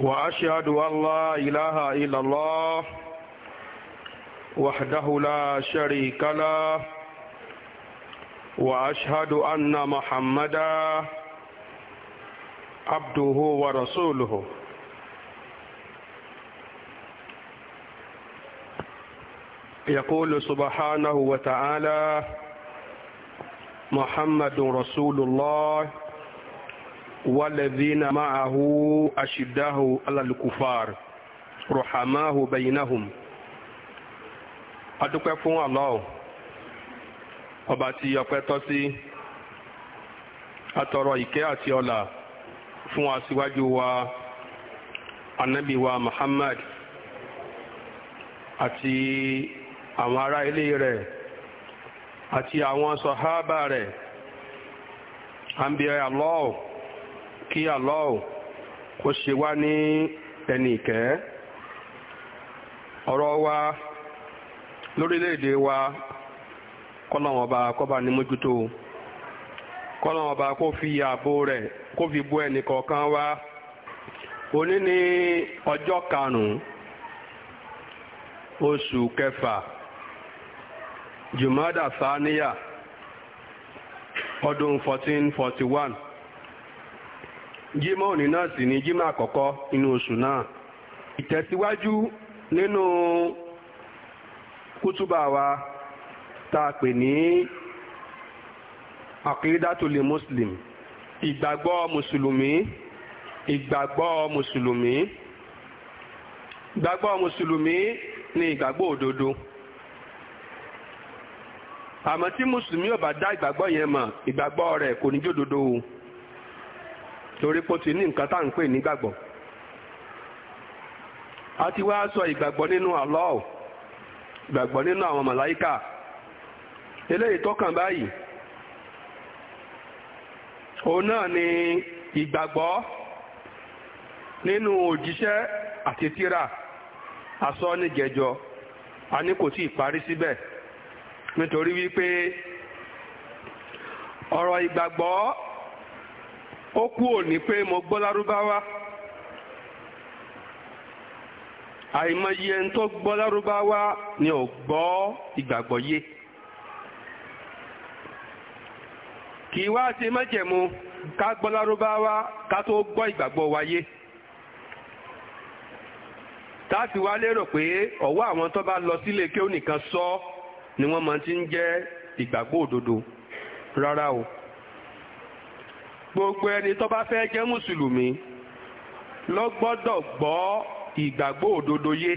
وأشهد أن لا إله إلا الله وحده لا شريك له وأشهد أن محمدا عبده ورسوله يقول سبحانه وتعالى محمد رسول الله والذين معه أشداه على الكفار رحماه بينهم adúpẹ́ fún Allah ọba tí ọpẹ́ tọ́ sí atọrọ ìkẹ́ àti ọlà fún aṣíwájú wa ànábì wa Muhammad àti àwọn ará ilé rẹ̀ àti àwọn sọ̀hábà rẹ̀ àǹbí Allah kí Allah kó ṣe wá ní ẹnì ìkẹ́ ọ̀rọ̀ wa lórílẹ̀‐èdè wa kọ́lọ́wọ́n ọba kọ́ba ní mójútó kọ́lọ́wọ́n ọba kó fi ààbò rẹ̀ kó fi bú ẹnì kọ̀ọ̀kan wá òní ní ọjọ́ karùn-ún oṣù kẹfà jùmọ́dà sáníyà ọdún 1441 jímọ̀ òní náà sì ni jímọ̀ àkọ́kọ́ nínú oṣù náà ìtẹ̀síwájú nínú kútúbà wa tá a pè ní àkídátòlè muslim ìgbàgbọ́ mùsùlùmí ìgbàgbọ́ mùsùlùmí ìgbàgbọ́ mùsùlùmí ni ìgbàgbọ́ òdodo àmọ́ tí mùsùlùmí ò bá dá ìgbàgbọ́ yẹn mọ̀ ìgbàgbọ́ rẹ̀ kò ní jódodo o. torí kò ti ní nǹkan tá à ń pè nígbàgbọ́ a ti wá sọ ìgbàgbọ́ nínú Allah ìgbàgbọ́ nínú àwọn màláíkà eléyìí tọ́kàn báyìí òun náà ni ìgbàgbọ́ nínú òjíṣẹ́ àti tírà asọ́ níjẹjọ a ní kò tí ì parí síbẹ̀ nítorí wípé ọ̀rọ̀ ìgbàgbọ́ ó kú òní pé mo gbọ́ lárúbáwá àìmọye ẹni tó gbọ́ lárúbáwá ni ò gbọ́ ìgbàgbọ́ yé kì í wá ṣe májẹ̀mú ká gbọ́ lárúbáwá ká tó gbọ́ ìgbàgbọ́ wa yé táàfi wá lérò pé ọ̀wọ́ àwọn tó bá lọ sílé kí ó nìkan sọ ni wọ́n mọ̀ ti ń jẹ́ ìgbàgbọ́ òdodo rárá o. gbogbo ẹni tó bá fẹ́ jẹ́ mùsùlùmí ló gbọ́dọ̀ gbọ́ ìgbàgbọ́ òdodo yé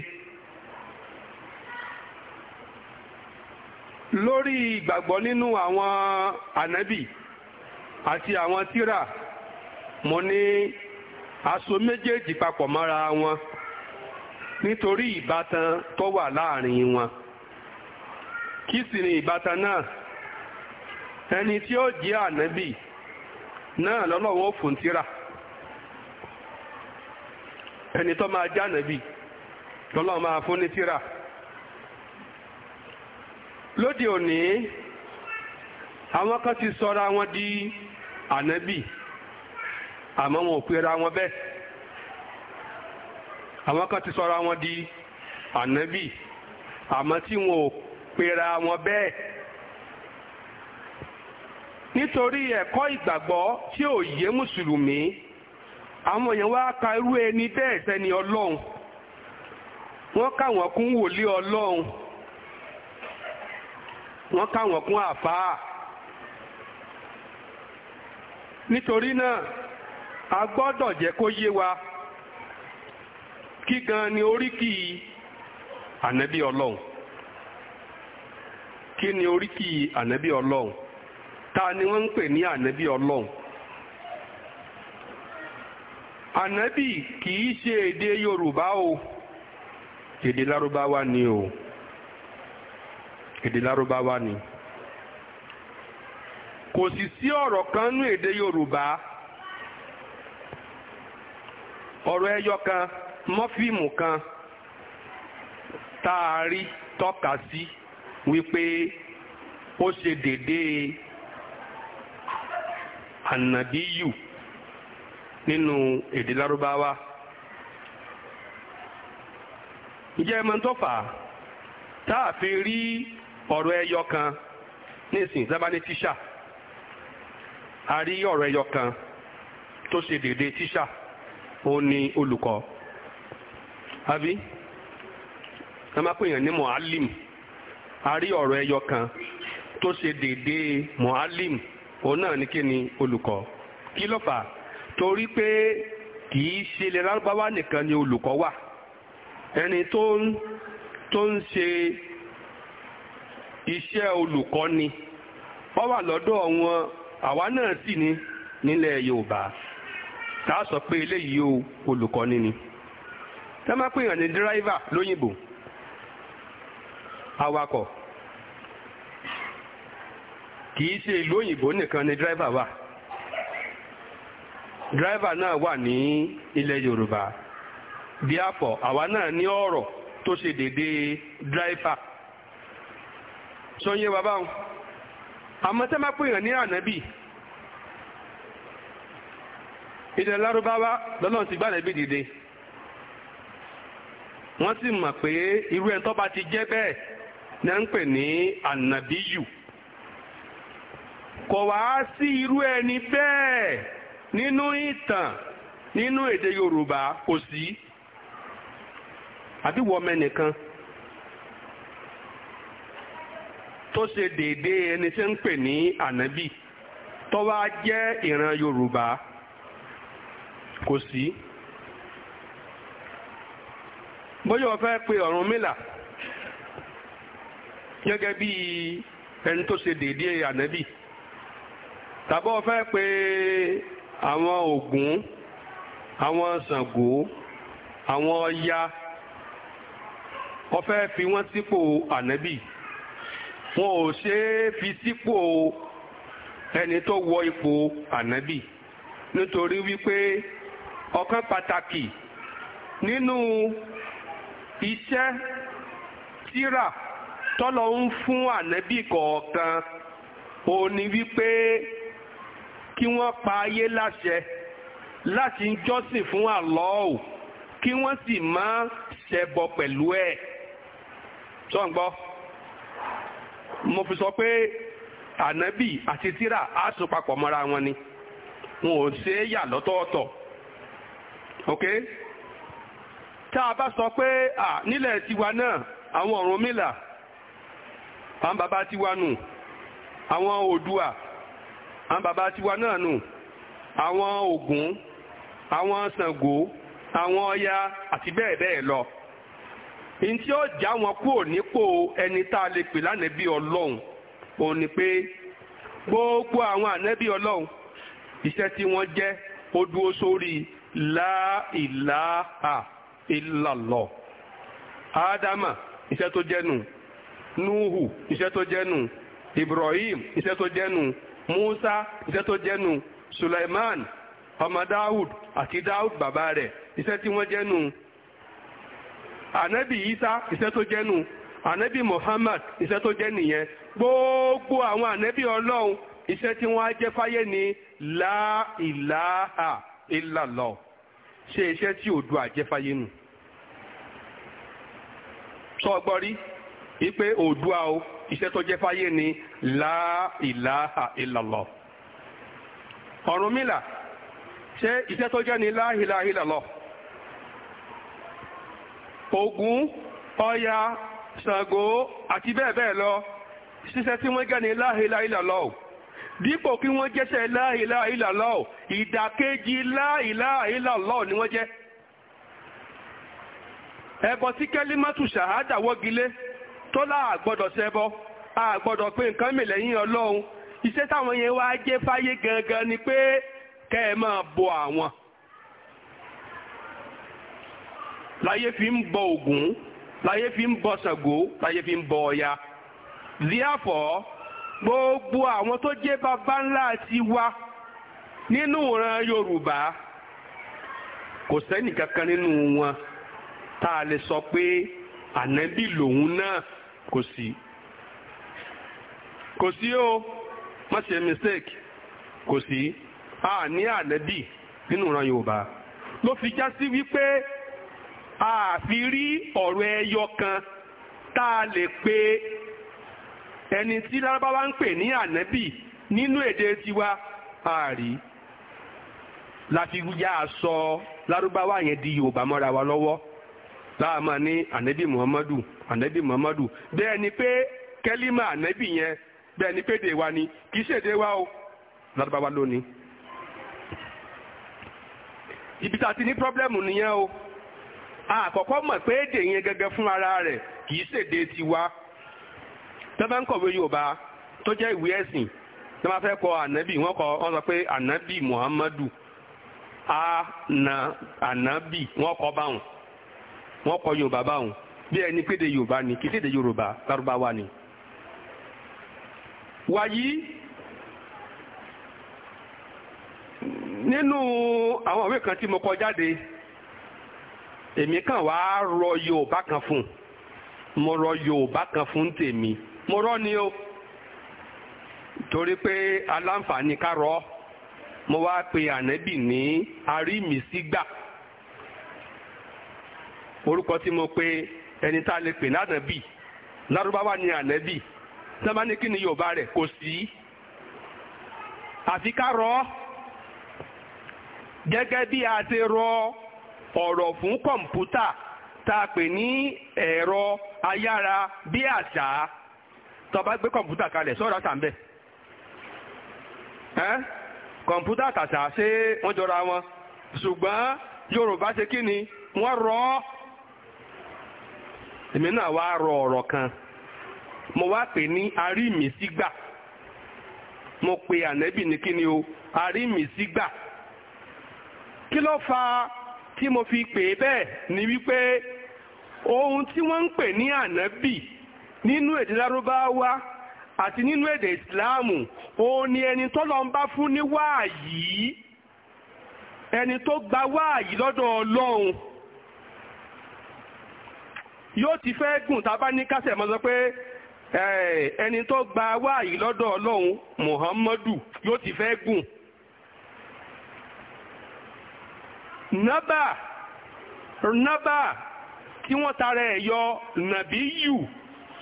lórí ìgbàgbọ́ nínú àwọn ànábì àti àwọn tírà mo ní aṣọ méjèèjì papọ̀ mọ́ra wọn nítorí ìbátan tó wà láàrin wọn kí sì ni ìbátan náà ẹni tí ó jẹ́ ànábì náà lọ́nà wọn fún tíra ẹni tó máa já nàbí lọ́nà máa fún ní tíra lóde òní àwọn kan ti sọra wọn di ànábì àmọ́ wọn ò pera wọn bẹ́ẹ̀ àwọn kan ti sọra wọn di ànábì àmọ́ tí wọn ò pera wọn bẹ́ẹ̀. nítorí ẹ̀kọ́ ìgbàgbọ́ tí ò yé mùsùlùmí àwọn èèyàn wá ka irú ẹni bẹ́ẹ̀ sẹ́ni ọlọ́run wọ́n káwọn kún wòlíì ọlọ́run wọ́n káwọn kún àfáà nítorí náà a gbọ́dọ̀ jẹ́ kó yé wa kí gan ni oríkì ànábì ọlọ́run kí ni oríkì ànábì ọlọ́run ta ni wọ́n ń pè ní ànẹ́bí ọlọ́run ànẹ́bí kì í ṣe èdè yorùbá o èdè lárúbáwá ni o èdè lárúbáwá ni kò sì sí ọ̀rọ̀ kan nù èdè yorùbá ọ̀rọ̀ ẹyọ kan mọ́fíìmù kan tá a rí tọ́ka sí wípé ó ṣe déédéé ànàbíyù nínú èdè lárúbáwá ǹjẹ́ ẹ mọ̀ tó fà á tá a fi rí ọ̀rọ̀ ẹyọ kan nísìnyí tá a bá ní tíṣà a rí ọ̀rọ̀ ẹyọ kan tó ṣe déédéé tíṣà ó ní olùkọ́ àbí ẹ ní mọ̀álìm a rí ọ̀rọ̀ ẹyọ kan tó ṣe déédéé mọ̀álìm òun náà ní ni olùkọ́ kí ló fà torí pé kì í ṣe ilẹ̀ lárúbáwá nìkan ni olùkọ́ wà ẹni tó ń tó ń ṣe iṣẹ́ olùkọ́ ni wọ́n wà lọ́dọ̀ wọn àwa náà sì ni nílẹ̀ Yorùbá tá a sọ pé eléyìí o olùkọ́ ni ni máa pè yàn ní awakọ̀. kìí ṣe ìlú òyìnbó nìkan ni dírẹ́fà wà dírẹ́fà náà wà ní ilẹ̀ yorùbá therefore àwa náà ní ọ̀rọ̀ tó ṣe dédé dírẹ́fà sọyẹ bàbá wọn àmọ́ tẹ́ máa pèèyàn ní ànábì ilẹ̀ lárúbáwá lọ́lọ́run ti gbàlẹ̀ bí dìde wọ́n sì mọ̀ pé irú ẹni tó bá ti jẹ́ bẹ́ẹ̀ ní à ń pè ní ànábìyù. kò wá sí irú ẹni bẹ́ẹ̀ nínú ìtàn nínú èdè Yorùbá kò sí àbí wọ́n mẹ́nìkan tó ṣe déédé ẹni tí ń pè ní ànábì tó wá jẹ́ ìran Yorùbá kò sí bóyá o fẹ́ pe Ọ̀rúnmìlà gẹ́gẹ́ bí ẹni tó ṣe déédé ànábì. tàbọ́ fẹ́ pé àwọn Ògún àwọn Ṣàngó àwọn Ọya ó fẹ́ fi wọ́n sípò ànábì wọn ò ṣe é fi sípò ẹni tó wọ ipò ànábì nítorí wípé ọ̀kan pàtàkì nínú iṣẹ́ tírà tọ́lọ ń fún ànábì kọ̀ọ̀kan òun wípé kí wọ́n pa ayé láṣẹ láti ń jọ́sìn fún àlọ́ọ̀ kí wọ́n sì máa ṣẹbọ pẹ̀lú ẹ̀ tó ń gbọ́ mo fi sọ pé ànábì àti tírà á so papọ̀ mọ́ra wọn ni wọn ò ṣe é yà lọ́tọ̀ọ̀tọ̀ ok tá a bá sọ pé à nílẹ̀ tiwa náà àwọn Ọ̀rúnmìlà àwọn bàbá tiwa nù àwọn Oòduà àwọn bàbá tiwa náà nù àwọn Ògún àwọn Ṣàngó àwọn Ọya àti bẹ́ẹ̀ bẹ́ẹ̀ lọ ní tí ó já wọn kúrò nípò ẹni tá a lè pè lánàá Ọlọ́run òun ni pé gbogbo àwọn ànábì Ọlọ́run iṣẹ́ tí wọ́n jẹ́ ó dúró sórí láìláà ìlàlọ́ ádámà iṣẹ́ tó jẹ́nu núhù iṣẹ́ tó jẹ́nu ibrahim iṣẹ́ tó jẹ́nu musa iṣẹ́ tó jẹ́nu suleiman ọmọ dawud àti dawud bàbá rẹ̀ iṣẹ́ tí wọ́n jẹ́nu anabi isa iṣẹ́ tó jẹ́nu anabi muhammad iṣẹ́ tó jẹ́ nìyẹn gbogbo àwọn anabi ọlọ́run iṣẹ́ tí wọ́n á jẹ́ fáyé ni la ilaha ṣe iṣẹ́ tí ò du àjẹfáyé nù sọ ọgbọ́n So, wípé òdua o ise to je faye ni la ilaha illallah Ọ̀rúnmìlà ṣé ise to je ni la ilaha illallah Ògún Ọya Ṣàngó àti bẹ́ẹ̀ bẹ́ẹ̀ lo ṣiṣẹ́ ti wọ́n jẹ́ ni la ilaha illallah dípò kí wọ́n jẹ́ṣẹ́ la ilaha illallah idakeji la ilaha illallah ni wọ́n jẹ́ ẹ̀bọ̀ tí kẹ́límátù ṣàhádà wọ́gilé tọ́lá àgbọ́dọ̀ ṣẹbọ àgbọ́dọ̀ pé nǹkan mì lẹ́yìn ọlọ́run iṣẹ́ táwọn yẹn wá jẹ́ fáyé gangan ni pé kẹ́ ẹ máa bọ àwọn láyé fi ń bọ Ògún láyé fi ń bọ Ṣàngó láyé fi ń bọ Ọya therefore gbogbo àwọn tó jẹ́ bàbá ńlá ti wá nínú ìran Yorùbá kò sẹ́nì kankan nínú wọn tá a lè sọ pé ànábì lòun náà kò sí kò sí o má ṣe mistake kò sí a ní ànẹ́bì nínú ìran Yorùbá ló fi já sí wípé a fi rí ọ̀rọ̀ ẹyọ kan tá a lè pe ẹni tí lárúbáwá ń pè ní ànẹ́bì nínú èdè tiwa a rí la fi yá a sọ lárúbáwá yẹn di Yorùbá mọ́ra wa lọ́wọ́ láàmà ní ànẹ́bì Muhammadu Anabi muhammadu bẹ́ẹ̀ ni pé kẹ́límà ànábì yẹn bẹ́ẹ̀ ni pé èdè wa ni kì í ṣèdè wa o ládùbáwá lónìí. ibi tá a ti ní pírọ́blẹ́mù nìyẹn o àkọ́kọ́ mọ̀ pé èdè yẹn gẹ́gẹ́ fún ara rẹ̀ kì í ṣèdè tiwa. tẹ́fẹ́ ń kọ̀wé yorùbá tó jẹ́ ìwé ẹ̀sìn tí wọ́n fẹ́ kọ ànábì wọ́n kọ wọ́n sọ pé ànábì muhammadu ànábì wọ́n kọ báwọn wọ́n kọ yorùbá báwọn bí ẹni pé de yorùbá ni kì í ṣèdè yorùbá lárúbáwá ni. wàyí nínú àwọn ìwé kan tí mo kọ jáde èmi kàn wá rọ yorùbá kan fún mo rọ yorùbá kan fún tèmi mo rọ ni o torí pé aláǹfààní ká rọ mo wá pe ànẹ́bì ní arímìsígbà orúkọ tí mo pe ẹni tá a lè pè lánàbì lárúbáwá ni ànẹ́bì sábà ní kí ni yorùbá rẹ̀ kò sí. àfi ká rọ gẹ́gẹ́ bí a ti rọ ọ̀rọ̀ fún kọ̀ǹpútà tá a pè ní ẹ̀rọ ayára bí àṣá tó bá gbé kọ̀ǹpútà kalẹ̀ sọ́ra sàmbẹ̀. kọ̀ǹpútà tàṣà ṣé wọ́n jọra wọn ṣùgbọ́n yorùbá ṣe kí ni wọ́n rọ ọ́ èmi náà wá rọ ọ̀rọ̀ kan mo wá pè ní arímìsígbà mo pe ànẹ́bì ní kíni o arímìsígbà kí ló fa tí mo fi pè é bẹ́ẹ̀ ni wípé ohun tí wọ́n ń pè ní ànẹ́bì nínú èdè lárúbáwá àti nínú èdè ìsìláàmù òun ni ẹni tọ́lọ ń bá fún ní wáàyí ẹni tó gba wáàyí lọ́dọ̀ ọlọ́run yóò ti fẹ́ gùn tá a bá ní kásẹ̀ mọ́ sọ pé ẹni tó gba wáàyí lọ́dọ̀ ọlọ́run muhammadu yóò ti fẹ́ gùn. nọ́bà nọ́bà tí wọ́n tara ẹ̀ yọ nàbí yù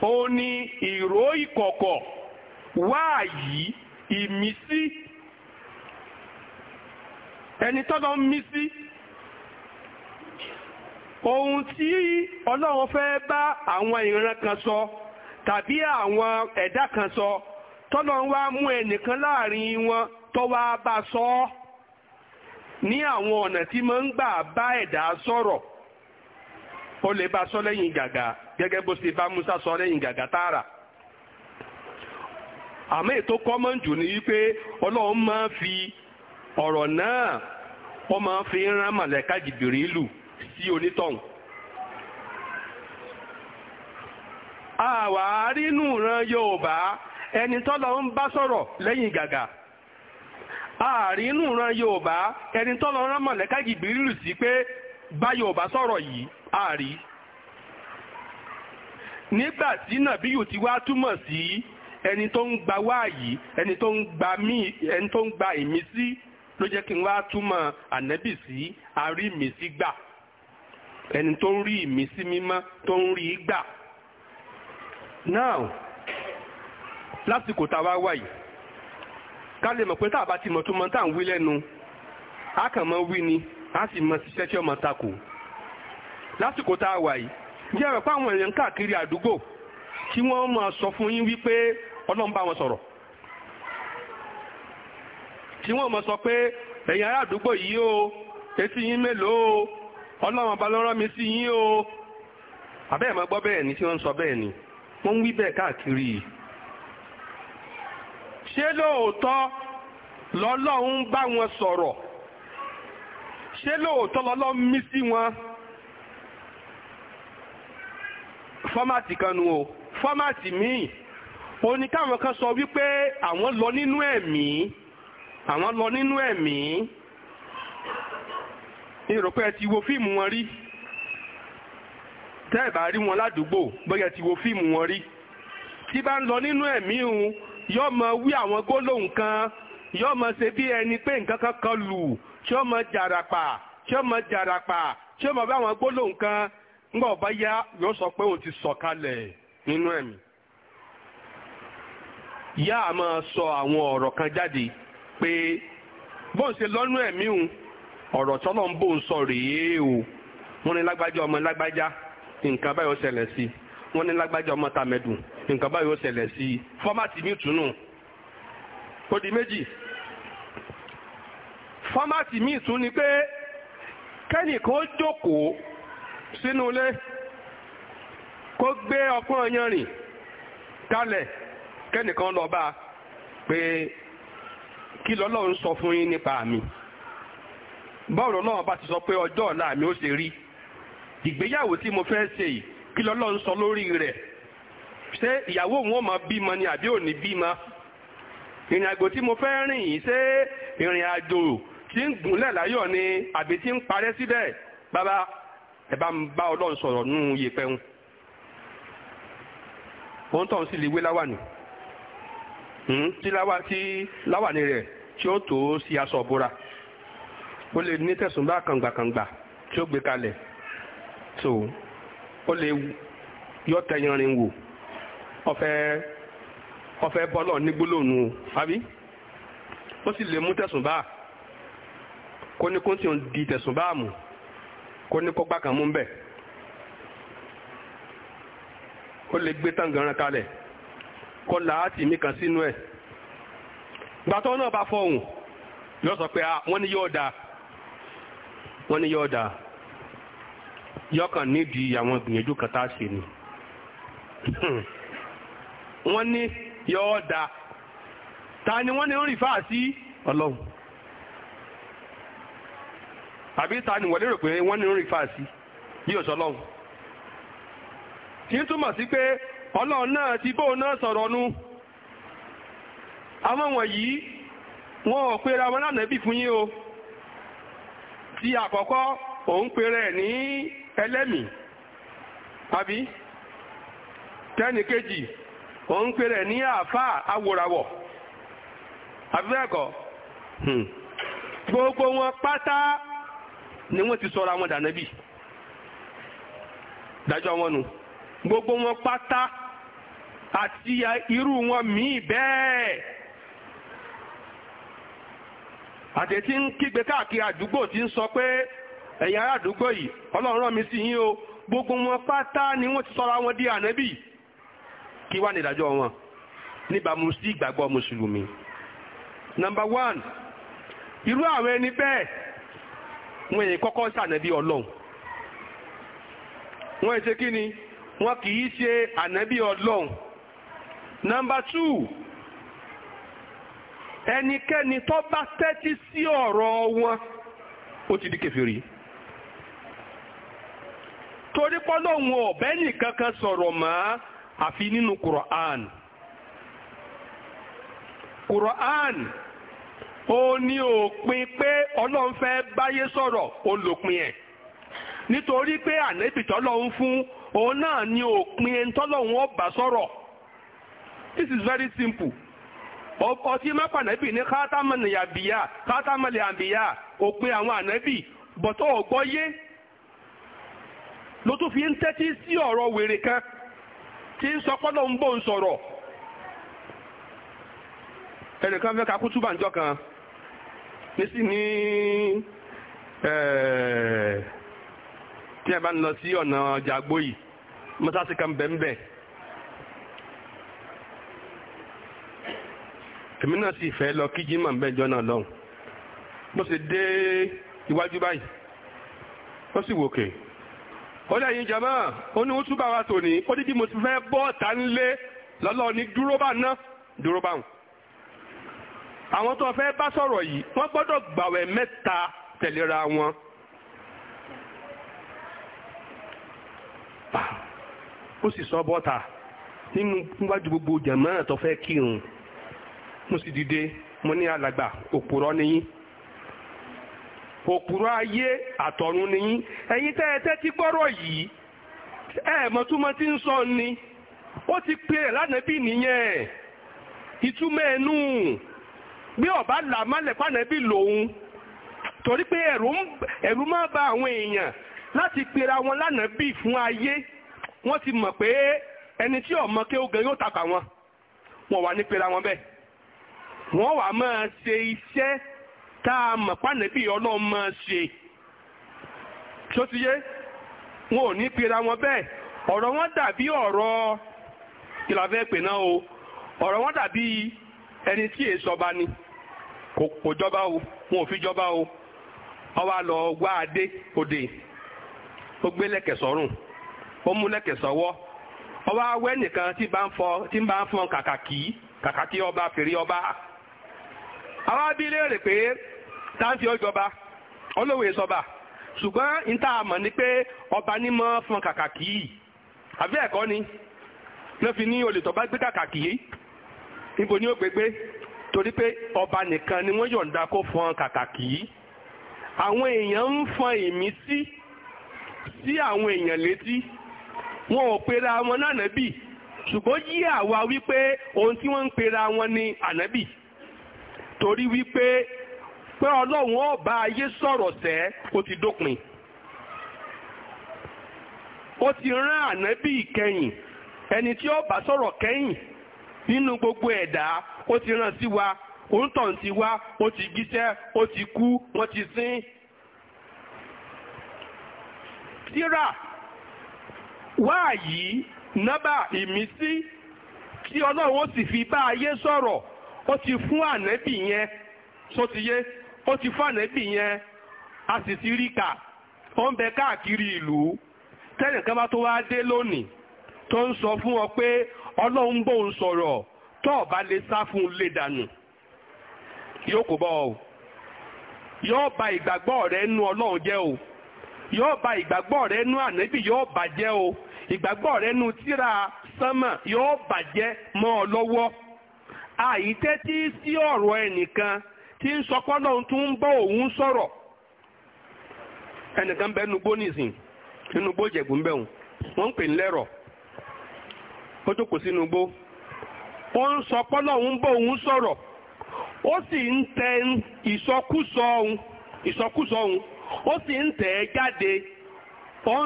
ó ní ìró ìkọ̀kọ̀ wáàyí ìmísí ẹni tọ́lọ́ ń mí ohun tí ọlọ́run fẹ́ bá àwọn ìran kan sọ tàbí àwọn ẹ̀dá kan sọ tọ́lọ́run wá mú ẹnìkan láàrin wọn tó wá bá sọ ọ́ ní àwọn ọ̀nà tí máa ń gbà bá ẹ̀dá sọ̀rọ̀ ó lè bá sọ lẹ́yìn gàgà gẹ́gẹ́ bó ṣe bá Musa sọ lẹ́yìn gàgà tààrà àmọ́ ètò kọ́mọ̀n jù ní wípé ọlọ́run máa ń fi ọ̀rọ̀ náà ó máa ń fi rán màlẹ́ka jìbìrì lù sí onítọ̀hún. àwárí nù ran Yorùbá ẹni tọ́lọ ń bá sọ́rọ̀ lẹ́yìn gàgà àrínú ran Yorùbá ẹni tọ́lọ rán mọ̀lẹ́ká Jìbìrìlù sí pé bá Yorùbá sọ́rọ̀ yìí àrí Nígbàtí tí nàbíyù ti wá túmọ̀ sí ẹni tó ń gba wáàyí ẹni tó ń gba mí ẹni tó ń gba ìmísí ló jẹ́ kí n wá túmọ̀ sí gbà. ẹni tó ń rí ìmísí mímọ́ tó ń rí gbà now lásìkò tá a wá wà ká lè mọ̀ pé tá a bá ti mọ̀ tó mọ̀ tá à ń wí a kàn mọ̀ wí ni a sì mọ̀ ṣiṣẹ́ tí ọmọ takò lásìkò tá a wà yìí ẹ̀rọ àwọn èèyàn káàkiri àdúgbò kí wọ́n máa sọ fún yín wípé ọlọ́run bá wọn sọ̀rọ̀ tí wọ́n máa sọ pé ẹ̀yin ará àdúgbò yìí o etí yín mélòó o ọlọ́run ọba ló rán mi sí yín o àbẹ́ẹ̀ máa gbọ́ bẹ́ẹ̀ ni tí wọ́n ń sọ bẹ́ẹ̀ ni wọ́n ń wí bẹ́ẹ̀ káàkiri yìí ṣé lóòótọ́ lọ́lọ́run ń bá wọn sọ̀rọ̀ ṣé lóòótọ́ lọ́lọ́run mí sí wọn fọ́mátì kan nu o fọ́mátì míì ó ní káwọn kan sọ wípé àwọn lọ nínú ẹ̀mí àwọn lọ nínú ẹ̀mí. E ìrò ti wo fíìmù wọn rí tẹ́ ẹ rí wọn ládùúgbò ti wo fíìmù wọn rí tí bá ń lọ nínú ẹ̀mí òun yóò mọ wí àwọn gbólóhùn kan yóò mọ ṣe bí ẹni pé nǹkan kankan lù tí ó mọ jàràpà tí ó mọ jàràpà tí ó mọ bí àwọn kan ńgbà ọba yá yóò sọ pé òun ti sọ̀kalẹ̀ nínú ẹ̀mí yá a máa sọ àwọn ọ̀rọ̀ kan jáde pé bóun ṣe lọ́nú ẹ̀mí ọ̀rọ̀ tọ́lọ̀ ń bò ń sọ rèé o wọ́n ní lágbájá ọmọ lágbájá nǹkan báyọ̀ ṣẹlẹ̀ sí wọ́n ní lágbájá ọmọ tàmẹ̀dùn nǹkan báyọ̀ ṣẹlẹ̀ sí fọ́mátì mi tùnú ó méjì fọ́mátì mi tún ni pé kẹ́nìkan jókòó sínú ilé kó gbé ọpọ́n ọyanrìn kalẹ̀ kẹ́nìkan lọ bá pé kí lọ́lọ́run sọ fún yín nípa mi bọ́ọ̀rọ̀ náà bá ti sọ pé ọjọ́ ọ̀la mi ó ṣe rí ìgbéyàwó tí mo fẹ́ ṣe yìí kí lọ́lọ́ ń sọ lórí rẹ̀ ṣé ìyàwó òun ó máa bímọ ni àbí ò bímọ ìrìn àjò tí mo fẹ́ rìn yìí ṣé ìrìn àjò tí ń gúnlẹ̀ láyọ̀ ni àbí tí ń parẹ́ síbẹ̀ bàbá ẹ bá ń bá ọlọ́run sọ̀rọ̀ nù yẹpẹ̀ ń wọ́n tọ̀ sí lè wé láwàní hmm, tí láwàní rẹ̀ tí ó tó sí aṣọ bóra ó lè ní tẹ̀sùn bá kàngbàkàngbà tí ó gbé kalẹ̀ so ó lè yọ tẹyanrin wò ọfẹ ọfẹ bọlọ ní gbólóhùn o àbí ó sì lè mú tẹ̀sùn bá kó ní kó tí ò ń di tẹ̀sùn bá mú kó ní kó gbàkan mú bẹ ó lè gbé tangaran kalẹ̀ kó làátì mi kan sínú ẹ̀ gbàtọ́ náà bá fọhùn yóò sọ pé wọ́n ní yóò dáa. wọ́n ní yóò dáa yọkàn nídìí àwọn gbìyànjú kàtà sí a ni wọ́n ní yóò dáa ta ni wọ́n ní ń rìfà sí ọlọ́run àbí ta ni wọ́n lérò pé wọ́n ní ń rìfà sí bí òṣọ ọlọ́run tí ń túmọ̀ sí pé ọlọ́run náà ti bóun náà sọ̀rọ̀ nu àwọn wọ̀nyí wọn ò pera wọn lánàá bí fún yín o. si àkọ́kọ́ òun pèrè ní ẹlẹ́mì àbí tẹ́nì kejì òun pèrè ní awòràwọ̀ hmm. gbogbo wọn pátá ni wọ́n ti sọra wọn dànẹ́bì dájọ́ wọn gbogbo wọn pátá àti irú wọn míì bẹ́ẹ̀. àti tí ń kígbe káàkiri àdúgbò tí ń sọ pé ẹ̀yin ará àdúgbò yìí ọlọ́run rán mi sí yín o gbogbo wọn pátá ni wọ́n ti sọra wọn di ànábì kí wá ní ìdájọ́ wọn níbàámu sí ìgbàgbọ́ mùsùlùmí. nọmba one irú àwọn ẹni bẹ́ẹ̀ wọ́n èyí kọ́kọ́ sànábì ọlọ́run wọ́n èyí ṣe kí ni wọ́n nọmba two ẹnikẹ́ni tó bá tẹ́tí sí ọ̀rọ̀ wọn ó ti di kèfèrí torí pọ́lọ́hún ọ̀bẹ́ nìkan kan sọ̀rọ̀ mọ́ àfi nínú Qur'an Qur'an ó ní òpin pé ọlọ́run fẹ́ báyé sọ̀rọ̀ ó lòpin ẹ̀ nítorí pé ànẹ́bì tọ́lọ́run fún òun náà ní òpin ẹni tọ́lọ́run sọ̀rọ̀ this is very simple. ọtí má pànẹ́bì ní kátàmọ̀lẹ̀yàbíyà kátàmọ̀lẹ̀yàbíyà òpin àwọn ànẹ́bì bọ̀tọ̀ ọ̀gbọ́yé ló tún fi ń tẹ́tí sí ọ̀rọ̀ wèrè kan tí ń sọ pọ́lọ̀ ń bò ka kan ní sí ní tí ẹ bá ń lọ sí ọ̀nà èmi náà sì fẹ́ lọ kí jimá mbẹ́jọ́ náà lọ́hùn mo sì dé iwájú báyìí ó sì wòkè ó lẹ́yìn jama ó ní wútúbà wa tòní ó dídí mo ti fẹ́ bọ́ ọ̀tá ńlé lọ́lọ́ ní dúró bá ná dúró báwọn àwọn tó fẹ́ bá sọ̀rọ̀ yìí wọ́n gbọ́dọ̀ gbàwẹ̀ mẹ́ta tẹ̀léra wọn. Ah, ó sì sọ bọ́ta nínú níwájú gbogbo jàmáà tó fẹ́ kírun mo sì dìde mo ní alàgbà òpùrọ́ ni yín òpùrọ́ ayé àtọ̀run ni yín ẹ̀yin tẹ́ ẹ tẹ́tí gbọ́rọ̀ yìí ẹ̀ẹ̀mọ̀ túmọ̀ tí ń sọ ni ó ti pe ẹ̀ lánàbí nìyẹn ìtumọ̀ ẹnu bí ọ̀bá là mọ́lẹ̀ pànàbí lòun torí pé ẹ̀rù máa ba àwọn èèyàn láti pera wọn lánàbí fún ayé wọ́n ti mọ̀ pé ẹni tí ọ̀mọ kéwògán yóò takà wọn wọn wà ní pera wọn bẹ́ẹ̀ wọ́n wà máa ṣe iṣẹ́ tá a mọ̀ pàǹdẹ́bí ọlọ́run máa ṣe tó wọn ò ní pera wọn bẹ́ẹ̀ ọ̀rọ̀ wọn dàbí ọ̀rọ̀ ìlàfẹ́ pè náà o ọ̀rọ̀ wọn dàbí ẹni tí èé sọba ni kò jọba o wọn ò fi jọba o ọwọ́ àlọ́ wá adé òde ó gbé lẹ́kẹ̀ sọ́rùn ó mú lẹ́kẹ̀ sọ́wọ́ ọwọ́ awẹ́ nìkan tí bá ń fọ kàkàkí kàkàkí ọba fèrè ọba àwọn abílé rẹ̀ pé táǹfì ọjọba olówó ìsọba ṣùgbọ́n níta àmọ̀ ni pé ọba ní mọ́ fún kàkàkì yìí àbí ẹ̀kọ́ ni ló fi ní olè tó bá gbé kàkàkì yìí níbo ni ó gbégbé torí pé ọba nìkan ni wọ́n yọ̀ǹda kó fún kàkàkì yìí àwọn èèyàn ń fọn ìmísí sí àwọn èèyàn létí wọn ò pera wọn lánàbì ṣùgbọ́n yí àwa wípé ohun tí wọ́n ń pera wọn ni ànábì torí wípé pé ọlọ́run ó bá ayé sọ̀rọ̀ sẹ́ ó ti dópin ó ti rán ànábì ìkẹyìn ẹni tí ó bá sọ̀rọ̀ kẹ́yìn nínú gbogbo ẹ̀dá ó ti rán sí wa òǹtọ̀n ti wá ó ti gbíṣẹ́ ó ti kú wọ́n ti sín. tíra wáàyí nọ́bà ìmísí tí ọlọ́run ó sì fi bá ayé sọ̀rọ̀ ó ti fún ànẹ́bì yẹn tó ti yé ó ti fún ànẹ́bì yẹn a sì ti rí kà ó ń bẹ káàkiri ìlú tẹ́nìkan bá tó wá dé lónìí tó ń sọ fún ọ pé ọlọ́run bò sọ̀rọ̀ tó lè sá fún un lè dànù yóò ba ìgbàgbọ́ rẹ nú ọlọ́run jẹ́ o yóò ba ìgbàgbọ́ rẹ nú ànẹ́bì yóò bàjẹ́ o ìgbàgbọ́ rẹ nú tíra sánmà yóò bàjẹ́ mọ́ àìtẹ́tí sí ọ̀rọ̀ ẹnìkan tí ń sọpọ́ lọ́hun tó ń bọ́ òun sọ̀rọ̀ ẹnìkan bẹ́ẹ̀ nugbó nìsín nugbó jẹ̀gùn bẹ́ẹ̀ wọ́n ń pè ń lẹ́rọ̀ ó jókòó sínú o ó ń sọpọ́ lọ́hun bọ́ òun sọ̀rọ̀ ó sì ń tẹ ìsọkúsọ òun ìsọkúsọ òun ó sì ń tẹ̀ ẹ́ jáde wọ́n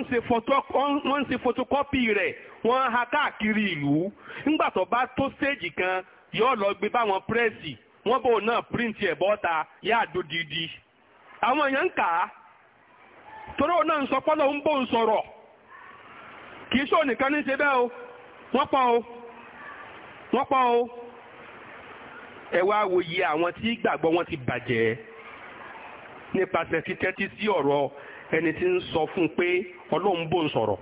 ń fotokọ́pì rẹ̀ wọ́n ń ha kan yóò lọ gbé báwọn pírẹ́sì wọ́n bò náà píríǹtì ẹ̀ bọ́ta yá àdódìdí àwọn èèyàn ń kà á toró náà ń sọ pọ́lọ́ ń bò ń sọ̀rọ̀ kì í ṣó nìkan ní ṣe bẹ́ẹ̀ o wọ́n pọ̀ o wọ́n pọ̀ o ẹ wá wòye àwọn tí gbàgbọ́ wọn ti bàjẹ́ nípasẹ̀ títẹ́tí sí ọ̀rọ̀ ẹni tí ń sọ fún un pé ọlọ́run bò ń sọ̀rọ̀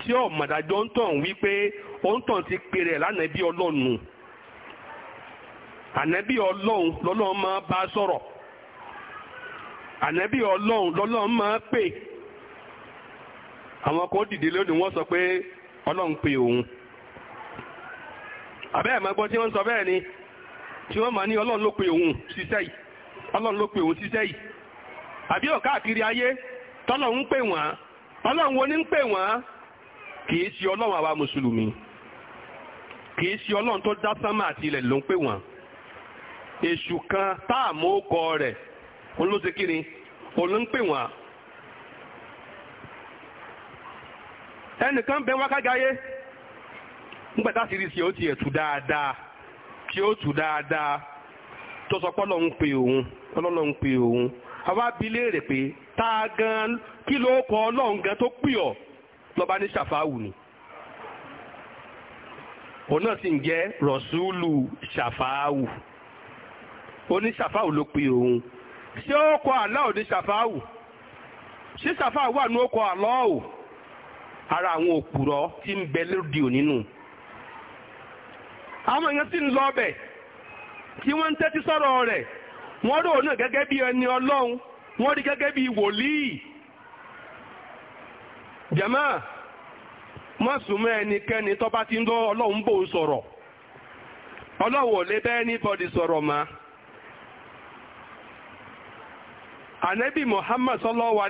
tí ọ̀mọ̀dájọ́ ń tàn wípé pọ́ńtọ̀ ti pè rẹ̀ lánàbí ọlọ́run Ànàbí ọlọ́run lọ́lọ́run máa bá sọ̀rọ̀ Ànàbí ọlọ́run lọ́lọ́run máa pè àwọn kan dìde lónìí wọ́n sọ pé ọlọ́run pè òun àbẹ́ẹ̀ máa gbọ́ tí wọ́n sọ bẹ́ẹ̀ ni tí wọ́n máa ní ọlọ́run ló pè òun ṣiṣẹ́ yìí ọlọ́run ló pè òun ṣiṣẹ́ yìí àbí ọ̀ káàkiri ayé tọ́lọ́run ń pè wọ́n tọ́lọ́run wo ni ń pè wọ́n kì í ṣe ọlọ́run àwa mùsùlùmí. kì í ṣe ọlọ́run tó dá sánmà àti ilẹ̀ ló ń pè wọ́n èṣù kan tá à mú kọ rẹ̀ òun ló ṣe kí ni òun ló ń pè wọ́n. ẹnìkan bẹ wákàgáyé nígbàtà sí ìrísí ó ti ẹ̀ tù dáadáa tí ó tù dáadáa tó sọ pé ọlọ́run pè òun ọlọ́run ń pè òun àwa bi léèrè pé tá a gan kí ló kọ ọlọ́run gan tó pè ọ lọ́ba ní ṣàfáwù ni. òun náà sì ń jẹ́ shafawu. ṣàfáàwù oníṣàfáàwù ló pe òun ṣé ó kọ Allah ní ṣàfáàwù ṣé ṣàfáàwù wà ní ó kọ Allah o ara àwọn òpùrọ̀ ti ń bẹ lóde ònínú àwọn èèyàn sì ń lọ ọbẹ̀ tí wọ́n ń tẹ́tí sọ́rọ̀ rẹ̀ wọ́n rò náà gẹ́gẹ́ bí ẹni ọlọ́run wọ́n rí gẹ́gẹ́ bí wòlíì má súnmọ́ ẹnikẹ́ni tó ti ń dọ́ ọlọ́run bò ń sọ̀rọ̀ bá anybody sọ̀rọ̀ ma. ànábì Muhammad sallallahu o wa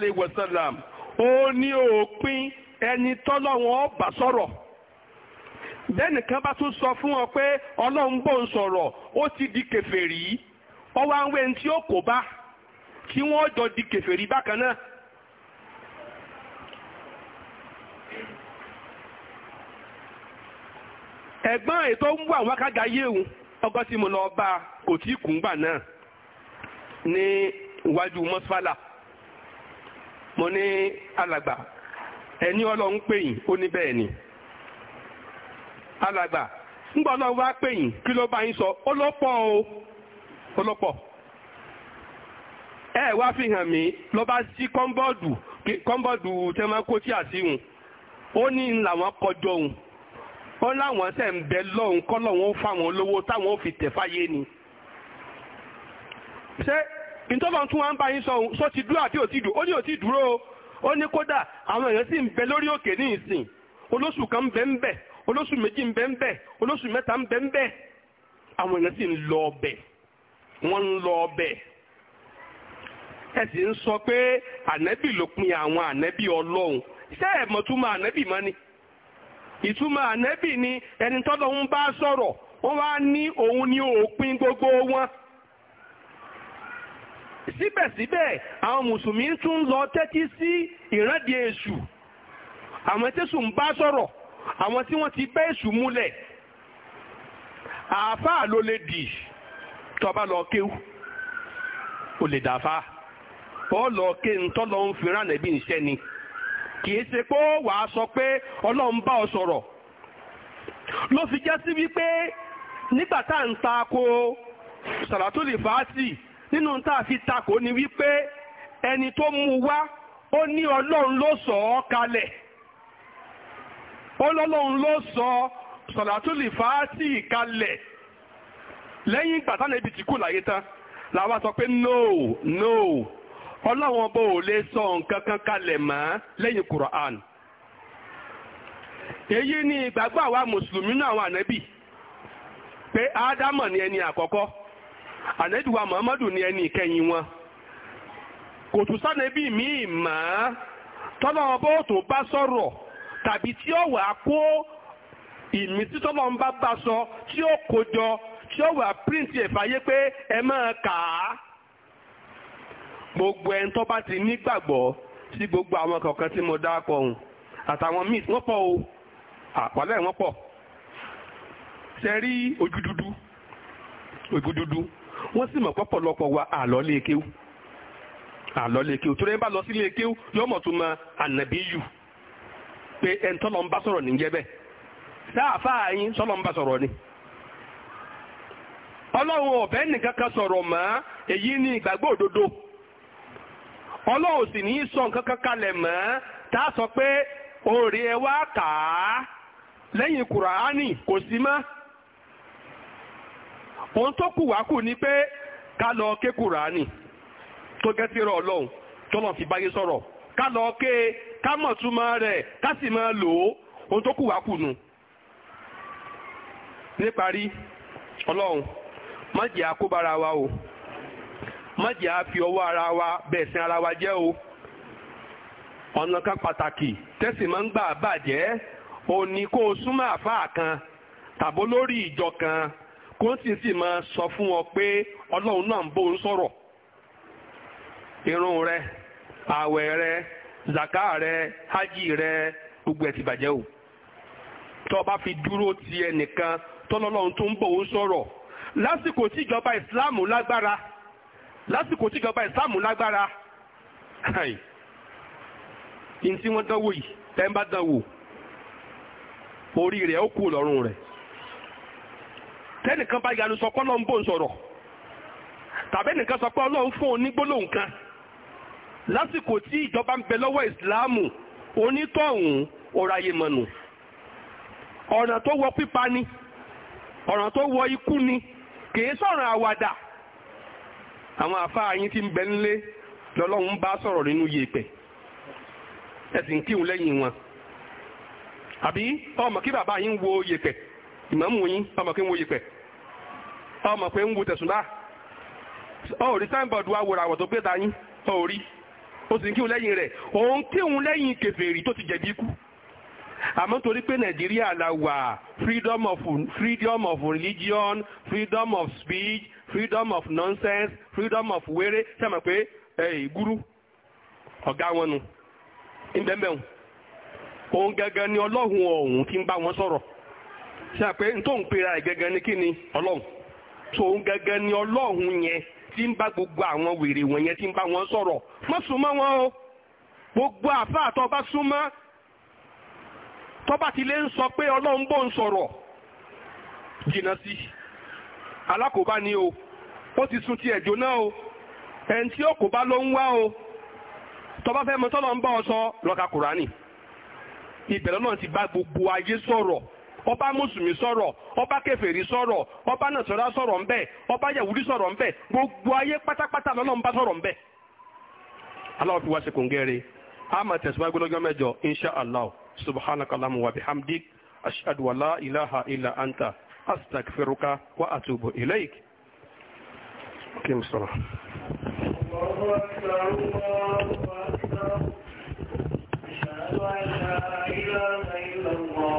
ó ẹni tọ́lọ́run ó bá sọ̀rọ̀ bẹ́ẹ̀nìkan bá tún sọ fún ọ pé ọlọ́run bò ń sọ̀rọ̀ ó ti di ọwọ́ tí bákan náà. ẹ̀gbọ́n ètò ń wà wọ́n kága ọgọ́ tí mo lọ bá kò tí kùn gbà náà ní iwájú mọ́sálà mo ní alàgbà ẹni ọlọ́run ó ní bẹ́ẹ̀ ni alàgbà wá kí o ó ẹ wá fi hàn mí lọ bá sí kọ́ńbọ́ọ̀dù kọ́ńbọ́ọ̀dù tẹ́ máa kó tí ó láwọn tẹ̀ ń bẹ lọ́hùn kọ́ lọ́hùn ó fáwọn olówó táwọn ó fi tẹ̀ fáyé ni. ṣé ìtọ́lọ́n tún wá ń bá yín sọ sọ ti dúró àbí òtí dúró ó ní òtí dúró o ó ní kódà àwọn èèyàn sì ń bẹ lórí òkè ní ìsìn olóṣù kan ń bẹ ń bẹ olóṣù méjì ń bẹ ń bẹ olóṣù mẹ́ta ń bẹ ń bẹ àwọn èèyàn sì ń lọ ọbẹ. wọ́n ń lọ ẹ sì ń sọ pé ànẹ́bì ló pin àwọn ànẹ́bì ọlọ́run ṣé ẹ̀mọ́túmọ̀ ànẹ́bì ni ìtumọ̀ ànẹ́bì ni ẹni tọ́lọ ń bá sọ̀rọ̀ wọ́n wá ní òun ni òpin gbogbo wọn síbẹ̀síbẹ̀ àwọn mùsùlùmí tún lọ tẹ́tí sí ìrẹ́dìí èṣù àwọn tẹ́sù ń bá sọ̀rọ̀ àwọn tí wọ́n ti bẹ́ èṣù múlẹ̀ àáfàá ló lè dì tọ́ba lọ kéwù ó lè dàáfàá ó lọ ké ń ń fi ránẹ̀bí ń ṣẹ́ni. kì í ṣe pé wà á sọ pé ọlọ́run bá ọ sọ̀rọ̀ ló fi jẹ́ sí wípé nígbà tá à ń ta tako sàràtúlì fàátì nínú tá a fi ta tako ni wípé ẹni tó mú wá ó ní ọlọ́run ló sọ ọ́ kalẹ̀ ọlọ́run ló sọ sàràtúlì fàátì kalẹ̀ lẹ́yìn ìgbà táwọn ibi tí kù láyé tán làwa sọ pé no no. ọlọ́run ọba ò lè sọ nǹkan kan kalẹ̀ mọ́ lẹ́yìn Quran èyí ni ìgbàgbọ́ àwa mùsùlùmí náà àwọn ànábì pé ádámọ̀ ni ẹni àkọ́kọ́ ànábì wa muhammadu ni ẹni ìkẹyìn wọn kò tún sánẹ́bì míì mọ́ tọ́lọ́run ọba ò tó bá sọ̀rọ̀ tàbí tí ó wà kó ìmísí tọ́lọ́run bá bá sọ tí ó kó tí ó wà píríǹtì ẹ̀fáyé pé ẹ máa kà á. gbogbo ẹni tó bá ti nígbàgbọ́ sí gbogbo àwọn kọ̀ọ̀kan tí mo dáàpọ̀ ọ̀hún àtàwọn míì wọ́n pọ̀ o àpàlẹ́ wọ́n pọ̀ ṣe rí ojú dúdú ojú dúdú wọ́n sì mọ̀ pọ̀pọ̀lọpọ̀ wa àlọ́ lé kéwú àlọ́ lé kéwú bá lọ sí lé kéwú yóò mọ̀ mọ ànàbí yù pé ń bá sọ̀rọ̀ níjẹ́ bẹ́ẹ̀ sáàfáà yín ń bá sọ̀rọ̀ ni ọlọ́run ni ìgbàgbọ́ òdodo ọlọ́run sì ní í sọ nǹkan kan kalẹ̀ mọ́ tá a sọ pé orí ẹ wá kà á lẹ́yìn kùránì kò sí mọ́ ohun tó kù wá kù ni pé ká lọ ké tó gẹ́tì rọ ọlọ́run tó fi báyé sọ̀rọ̀ ká lọ ké ká mọ̀ túmọ̀ rẹ̀ ká sì máa lò ó ohun tó kù wá kù níparí ọlọ́run má jẹ́ àkóbára wa o. mọ̀jẹ̀ á fi ọwọ́ ara wa bẹ́ẹ̀ sin ara wa jẹ́ o ọ̀nà kan pàtàkì tẹ́sí máa ń gbà bàjẹ́ òní kó o súnmọ́ àfáà kan tàbó lórí ìjọ kan kó o sì sì máa sọ fún ọ pé ọlọ́run náà ń bó ń sọ̀rọ̀ irun rẹ ààwẹ̀ rẹ zaka rẹ hajj rẹ gbogbo ẹ̀ ti bàjẹ́ o tó o bá fi dúró ti ẹnìkan tọ́lọ́lọ́run tó ń bọ̀ ń sọ̀rọ̀ lásìkò tí ìsìláàmù lágbára lásìkò tí ìjọba ìsàmù lágbára ní tí wọ́n dánwò yìí tẹ́ ń bá dánwò orí rẹ̀ ó kú lọ́rùn rẹ̀ tẹ́nìkan bá yanu sọ pé ọlọ́run bò ń sọ̀rọ̀ tàbí ẹnìkan sọ pé ọlọ́run fún un ní gbólóhùn lásìkò tí ìjọba ń bẹ lọ́wọ́ ìsìláàmù onítọ̀hún ọ̀rọ̀ ayé mọ̀nù ọ̀ràn tó wọ pípa ni ọ̀ràn tó wọ ikú ni kì í sọ̀ràn àwàdà àwọn àfáà yín tí ń bẹ nílé lọ́lọ́run bá sọ̀rọ̀ nínú yèèpẹ̀ ẹ sì ń kírun lẹ́yìn wọn àbí ọmọ kí bàbá yín wo yèèpẹ̀ ìmáàmù yín ọmọ kí ń wo yèèpẹ̀ ọmọ pé ń wo tẹ̀sùnbá ọ̀rí signboard wa wòrà àwọ̀ tó gbé ta yín ọ̀rí ó sì ń lẹ́yìn rẹ̀ òun kírun lẹ́yìn kèfèrí tó ti jẹ̀bi ikú àmọ́ torí pé nàìjíríà la wà freedom of freedom of religion freedom of speech freedom of nonsense freedom of wéré ṣe mọ̀ pé gúrú ọ̀gá wọn nu ìbẹ̀mẹ̀hùn òun gẹ́gẹ́ ni ọlọ́hun ti ń bá wọn sọ̀rọ̀ ṣe pé n ń pera ẹ̀ gẹ́gẹ́ ni ni ọlọ́hun tó ń gẹ́gẹ́ ni ọlọ́hun yẹn tí ń gbogbo àwọn wèrè wọ̀nyẹn tí ń bá wọn sọ̀rọ̀ mọ́ súnmọ́ wọn o gbogbo àfáà tó bá tọ́ba tilé lè ń sọ pé ọlọ́run ń sọ̀rọ̀ ni o ó ti sun ti ẹ̀jọ́ náà o ẹni tí ó kò o Tọba fẹ́ mọ ń bá ọ sọ lọ́ka kùránì ìbẹ̀rẹ̀ náà ti bá gbogbo ọba mùsùlùmí sọ̀rọ̀ ọba kèfèrí sọ̀rọ̀ ọba sọ̀rọ̀ ọba sọ̀rọ̀ gbogbo ayé pátápátá ń bá sọ̀rọ̀ aláwọ̀ fi wá سبحانك اللهم وبحمدك أشهد أن لا إله إلا أنت أستغفرك وأتوب إليك أقيم الصلاة الله